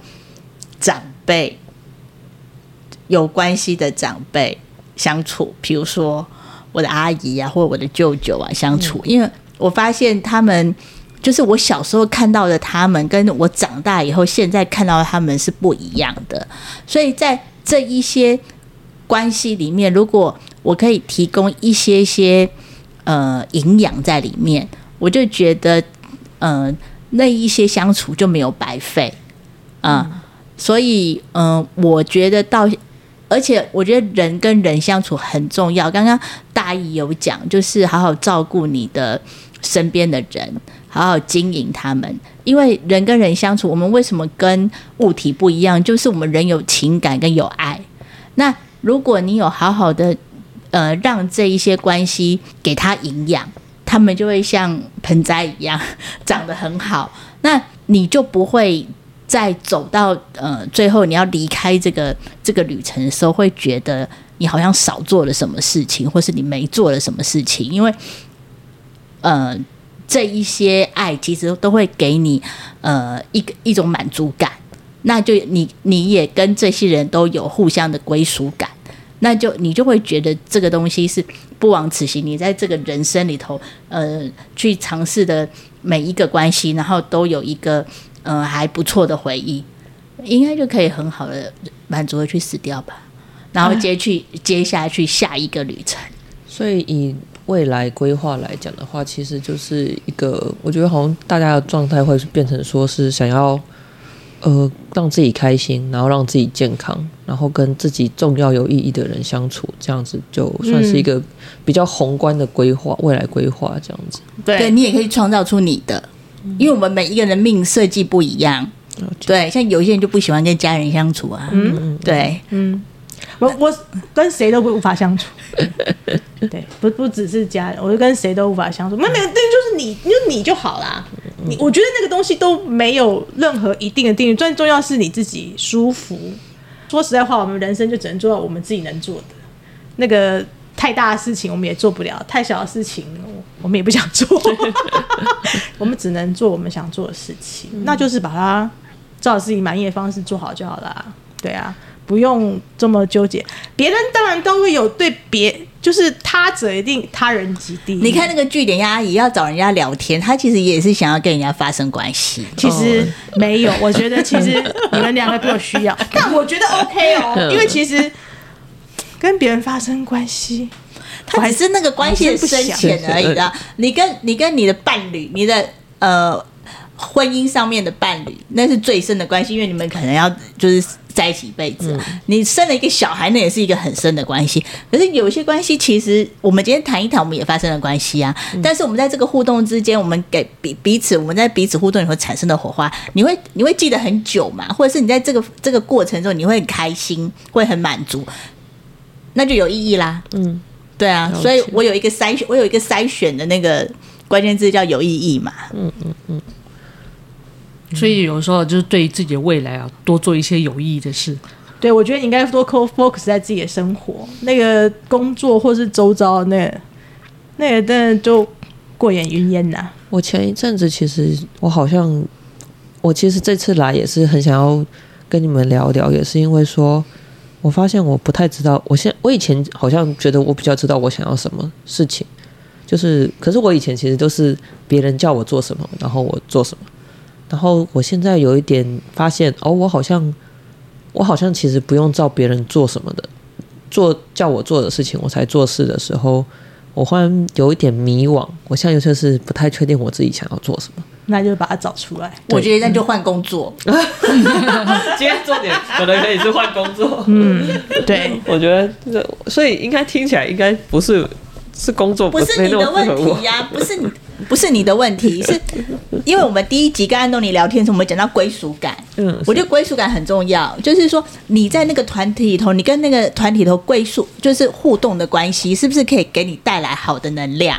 長輩有關係的長輩相處，比如說我的阿姨啊，或者我的舅舅啊相處。嗯、因為我發現他們，就是我小時候看到的他們，跟我長大以後現在看到的他們是不一樣的。所以在這一些關係裡面，如果我可以提供一些些呃營養在裡面，我就覺得呃那一些相處就沒有白費啊，呃嗯，所以嗯，呃，我覺得到，而且我覺得人跟人相處很重要。剛剛大姨有講，就是好好照顧你的身邊的人，好好經營他們，因為人跟人相處，我們為什麼跟物體不一樣？就是我們人有情感跟有愛。那如果你有好好的。呃，讓這一些關係給他營養，他們就會像盆栽一樣長得很好。那你就不會再走到呃最後你要離開這個這個旅程的時候，會覺得你好像少做了什麼事情，或是你沒做了什麼事情。因為呃，這一些愛其實都會給你呃一個一種滿足感，那就你你也跟這些人都有互相的歸屬感。那就你就會覺得這個東西是不枉此行，你在這個人生裡頭，呃，去嘗試的每一個關係，然後都有一個嗯、呃、還不錯的回憶，應該就可以很好的滿足的去死掉吧，然後接去唉接下去下一個旅程。所以以未來規劃來講的話，其實就是一個，我覺得好像大家的狀態會變成說是想要。呃，讓自己開心，然後讓自己健康，然後跟自己重要有意義的人相處，這樣子就算是一個比較宏觀的規劃，未來規劃這樣子。嗯、對，你也可以創造出你的，因為我們每一個人命設計不一樣。對，像有一些人就不喜歡跟家人相處啊。嗯嗯，對，嗯。我我跟誰都不無法相處，嗯、對，不不只是家人，我就跟誰都無法相處。那那個對就是你，就是、你就好啦。你我覺得那個東西都沒有任何一定的定義，最重要是你自己舒服。說實在話，我們人生就只能做到我們自己能做的。那個太大的事情我們也做不了，太小的事情我們也不想做，對 我們只能做我們想做的事情，嗯、那就是把它照自己滿意的方式做好就好了。對啊。不用這麼糾結，別人當然都會有對別，就是他者一定他人及地。你看那個句點阿姨，要找人家聊天，她其實也是想要跟人家發生關係。其實沒有，哦、我覺得其實你們兩個沒需要，但 我覺得 OK 哦、喔，因為其實跟別人發生關係，他只是那個關係的深淺而已的。你跟你跟你的伴侶，你的呃婚姻上面的伴侶，那是最深的關係，因為你們可能要就是。在一起一輩子啊，你生了一個小孩，那也是一個很深的關係。可是有些關係，其實我們今天談一談，我們也發生了關係啊。但是我們在這個互動之間，我們給彼彼此，我們在彼此互動以後產生的火花，你會你會記得很久嘛？或者是你在這個這個過程中，你會很開心，會很滿足，那就有意義啦。嗯，對啊，所以我有一個篩選，我有一個篩選的那個關鍵字叫有意義嘛。嗯嗯嗯。嗯嗯所以有時候就是對自己的未來啊，多做一些有意義的事。對，我覺得你應該多 call focus 在自己的生活，那個工作或是周遭那個、那，但就過眼雲煙吶。我前一陣子其實我好像，我其實這次來也是很想要跟你們聊聊，也是因為說我發現我不太知道，我現我以前好像覺得我比較知道我想要什麼事情，就是可是我以前其實都是別人叫我做什麼，然後我做什麼。然後我現在有一點發現，哦，我好像，我好像其實不用照別人做什麼的，做叫我做的事情，我才做事的時候，我忽然有一點迷惘，我現在就是不太確定我自己想要做什麼。那就把它找出來，對我覺得那就換工作。嗯， 今天重點可能可以是換工作。嗯，對， 我覺得，所以應該聽起來應該不是。是工作不是，不是你的問題呀、啊，不是你，不是你的問題，是因為我們第一集跟安東尼聊天的時候，我們講到歸屬感。嗯，我覺得歸屬感很重要，就是說你在那個團體裡頭，你跟那個團體頭歸屬就是互動的關係，是不是可以給你帶來好的能量？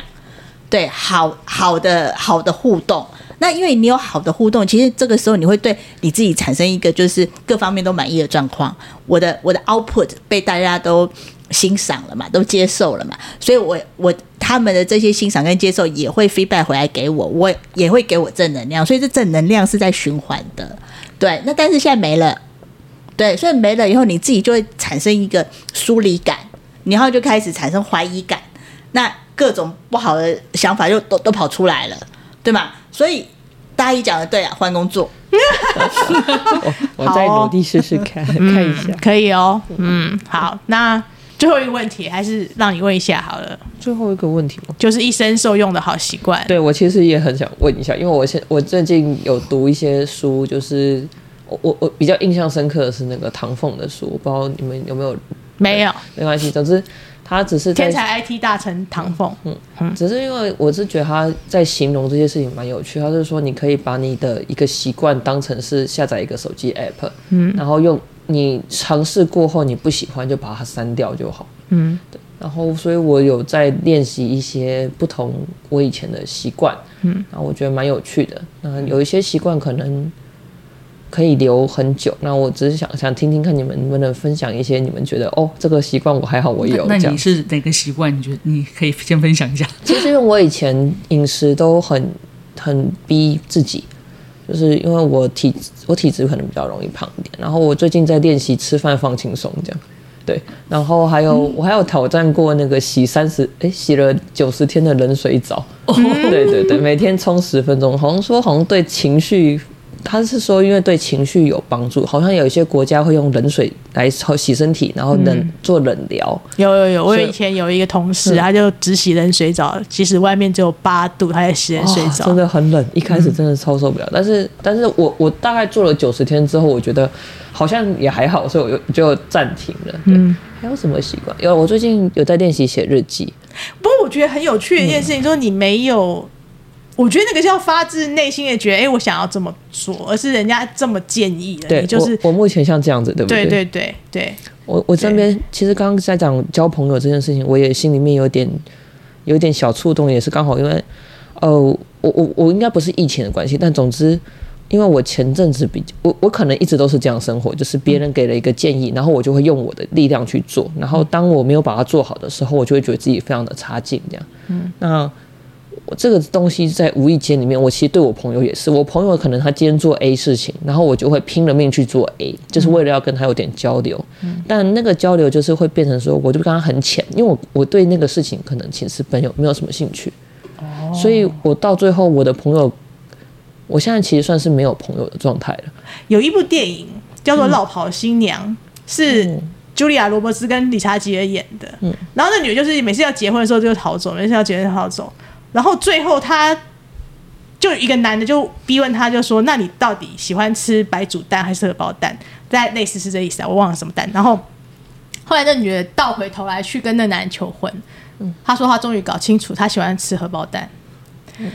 對，好好的好的互動，那因為你有好的互動，其實這個時候你會對你自己產生一個就是各方面都滿意的狀況。我的我的 output 被大家都欣賞了嘛，都接受了嘛，所以我，我我他們的這些欣賞跟接受也會 feedback 回來給我，我也會給我正能量，所以這正能量是在循環的，對。那但是現在沒了，對，所以沒了以後，你自己就會產生一個疏離感，然後就開始產生懷疑感，那各種不好的想法就都都跑出來了，對嗎？所以大姨講的對啊，換工作， 我我再努力試試看，哦、看一下、嗯，可以哦，嗯，好，那。最後一個問題，還是讓你問一下好了。最後一個問題，就是一生受用的好習慣。對，我其實也很想問一下，因為我現我最近有讀一些書，就是我我我比較印象深刻的是那個唐鳳的書，我不知道你們有沒有？沒有，沒關係。總之，他只是天才 IT 大臣唐鳳，嗯，嗯嗯，只是因為我是覺得他在形容這些事情蠻有趣，他就是說你可以把你的一個習慣當成是下載一個手機 app，嗯，然後用。你嘗試過後，你不喜歡就把它刪掉就好。嗯，對。然後，所以我有在練習一些不同我以前的習慣。嗯，然後我覺得蠻有趣的。嗯，有一些習慣可能可以留很久。那我只是想想聽聽看你，你們能不能分享一些你們覺得哦，這個習慣我還好，我有那。那你是哪個習慣？你覺得你可以先分享一下？其實 我以前飲食都很很逼自己。就是因為我體我體質可能比較容易胖一點，然後我最近在練習吃飯放輕鬆這樣，對，然後還有、嗯、我還有挑戰過那個洗三十哎洗了九十天的冷水澡，嗯、對對對，每天沖十分鐘，好像說好像對情緒。他是說，因為對情緒有幫助，好像有一些國家會用冷水來洗身體，然後冷、嗯、做冷療。有有有，以我以前有一個同事，他就只洗冷水澡，是其實外面只有八度，他也洗冷水澡，真的很冷。一開始真的超受不了，嗯、但是，但是我我大概做了九十天之後，我覺得好像也還好，所以我就暫停了。對，嗯、還有什麼習慣？因為我最近有在練習寫日記，不過我覺得很有趣的一件事情，就是、嗯、你沒有。我覺得那個叫發自內心的覺得，哎、欸，我想要這麼做，而是人家這麼建議的。對你就是我，我目前像這樣子，對不對？對對對對我我這邊對其實剛剛在講交朋友這件事情，我也心裡面有點有點小觸動，也是剛好因為，哦、呃，我我我應該不是疫情的關係，但總之，因為我前陣子比較我我可能一直都是這樣生活，就是別人給了一個建議，然後我就會用我的力量去做，然後當我沒有把它做好的時候，我就會覺得自己非常的差勁這樣。嗯，那。我這個東西在無意間裡面，我其實對我朋友也是，我朋友可能他今天做 A 事情，然後我就會拼了命去做 A，就是為了要跟他有點交流。嗯、但那個交流就是會變成說，我就跟他很淺，因為我我對那個事情可能其實朋友沒有什麼興趣。哦、所以，我到最後，我的朋友，我現在其實算是沒有朋友的狀態了。有一部電影叫做《落跑新娘》，嗯、是茱莉亞·羅伯斯跟理查吉爾演的。嗯。然後那女的就是每次要結婚的時候就逃走，每次要結婚就逃走。然後最後，他就一個男的就逼問他，就說：“那你到底喜歡吃白煮蛋還是荷包蛋？”在類似是這意思啊，我忘了什麼蛋。然後後來那女的倒回頭來去跟那男求婚。嗯，他說他終於搞清楚，他喜歡吃荷包蛋。嗯，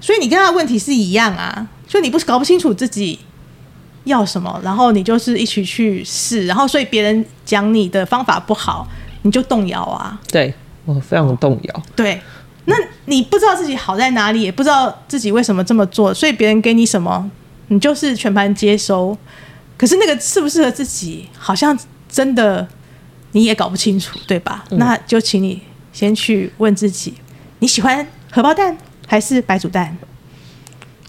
所以你跟他的問題是一樣啊，所以你不是搞不清楚自己要什麼，然後你就是一起去試，然後所以別人講你的方法不好，你就動搖啊？對，我非常動搖。對。那你不知道自己好在哪裡，也不知道自己為什麼這麼做，所以別人給你什麼，你就是全盤接收。可是那個適不適合自己，好像真的你也搞不清楚，對吧？嗯，那就請你先去問自己，你喜歡荷包蛋還是白煮蛋？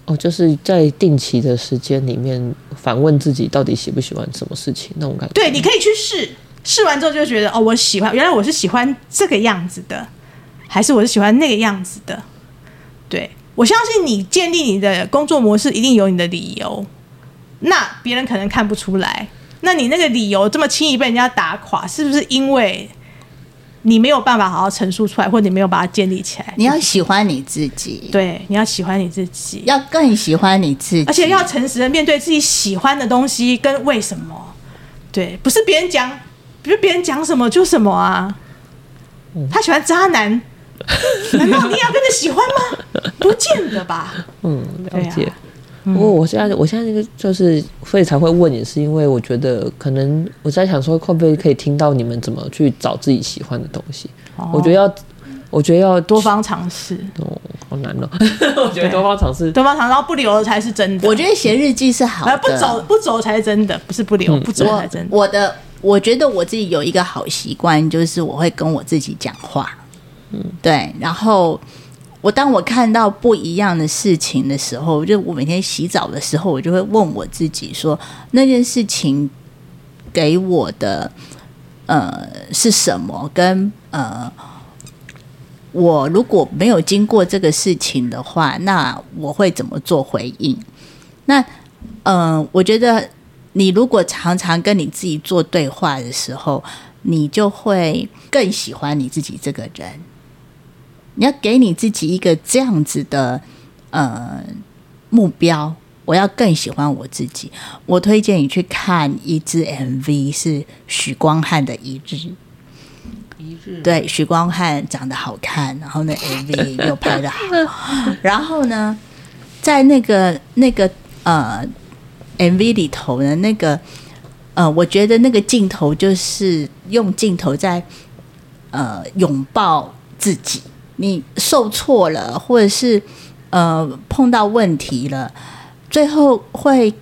哦，就是在定期的時間裡面反問自己，到底喜不喜歡什麼事情，那種感覺。對，你可以去試，試完之後就覺得，哦，我喜歡，原來我是喜歡這個樣子的。還是我是喜歡那個樣子的，對，我相信你建立你的工作模式一定有你的理由，那別人可能看不出來，那你那個理由這麼輕易被人家打垮，是不是因為你沒有辦法好好陳述出來，或者你沒有把它建立起來？你要喜歡你自己，對，你要喜歡你自己，要更喜歡你自己，而且要誠實的面對自己喜歡的東西跟為什麼，對，不是別人講，不是別人講什麼就什麼啊，他喜歡渣男。難道你也要跟着喜歡嗎？ 不見得吧。嗯，了、啊、解。嗯、不過我現在，我現在那個就是，所以才會問你，是因為我覺得可能我在想說，會不會可以聽到你們怎麼去找自己喜歡的東西？哦、我覺得要，我覺得要多方嘗試。哦，好難哦。 我覺得多方嘗試，多方嘗試，然後不留才是真的。我覺得寫日記是好的，不走不走才是真的，不是不留、嗯、不走才是真的。我的，我覺得我自己有一個好習慣，就是我會跟我自己講話。對，然後我當我看到不一樣的事情的時候，就我每天洗澡的時候，我就會問我自己說：那件事情給我的呃是什麼？跟呃我如果沒有經過這個事情的話，那我會怎麼做回應？那嗯、呃，我覺得你如果常常跟你自己做對話的時候，你就會更喜歡你自己這個人。你要給你自己一個這樣子的呃目標，我要更喜歡我自己。我推薦你去看一支 MV，是許光漢的遺址。嗯啊、對，許光漢長得好看，然後那 MV 又拍得好。 然後呢，在那個那個呃 MV 裡頭呢，那個呃，我覺得那個鏡頭就是用鏡頭在呃擁抱自己。你受挫了，或者是呃碰到問題了，最後會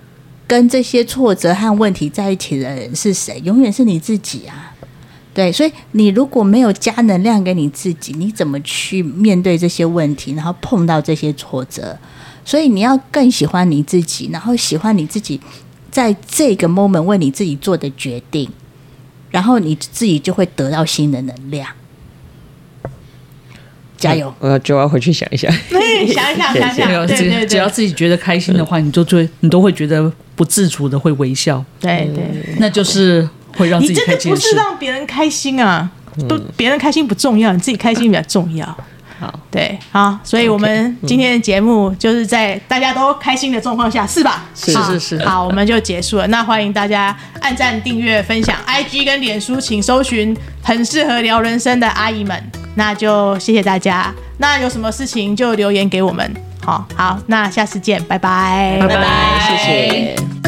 跟這些挫折和問題在一起的人是誰？永遠是你自己啊。對，所以你如果沒有加能量給你自己，你怎麼去面對這些問題，然後碰到這些挫折？所以你要更喜歡你自己，然後喜歡你自己在這個 moment 為你自己做的決定，然後你自己就會得到新的能量。加油！我就要回去想一想一想，想一想。對對對，只要自己覺得開心的話，你就最，你都會覺得不自主的會微笑。對對，那就是會讓自己開心，不是讓別人開心啊，都別人開心不重要，你自己開心比較重要。好，對，好，所以我們今天的節目就是在大家都開心的狀況下，是吧？是是是，好，我們就結束了。那歡迎大家按讚、訂閱、分享，IG 跟臉書，請搜尋“很適合聊人生的阿姨們”。那就謝謝大家。那有什麼事情就留言給我們。好好，那下次見，拜拜，拜拜，謝謝。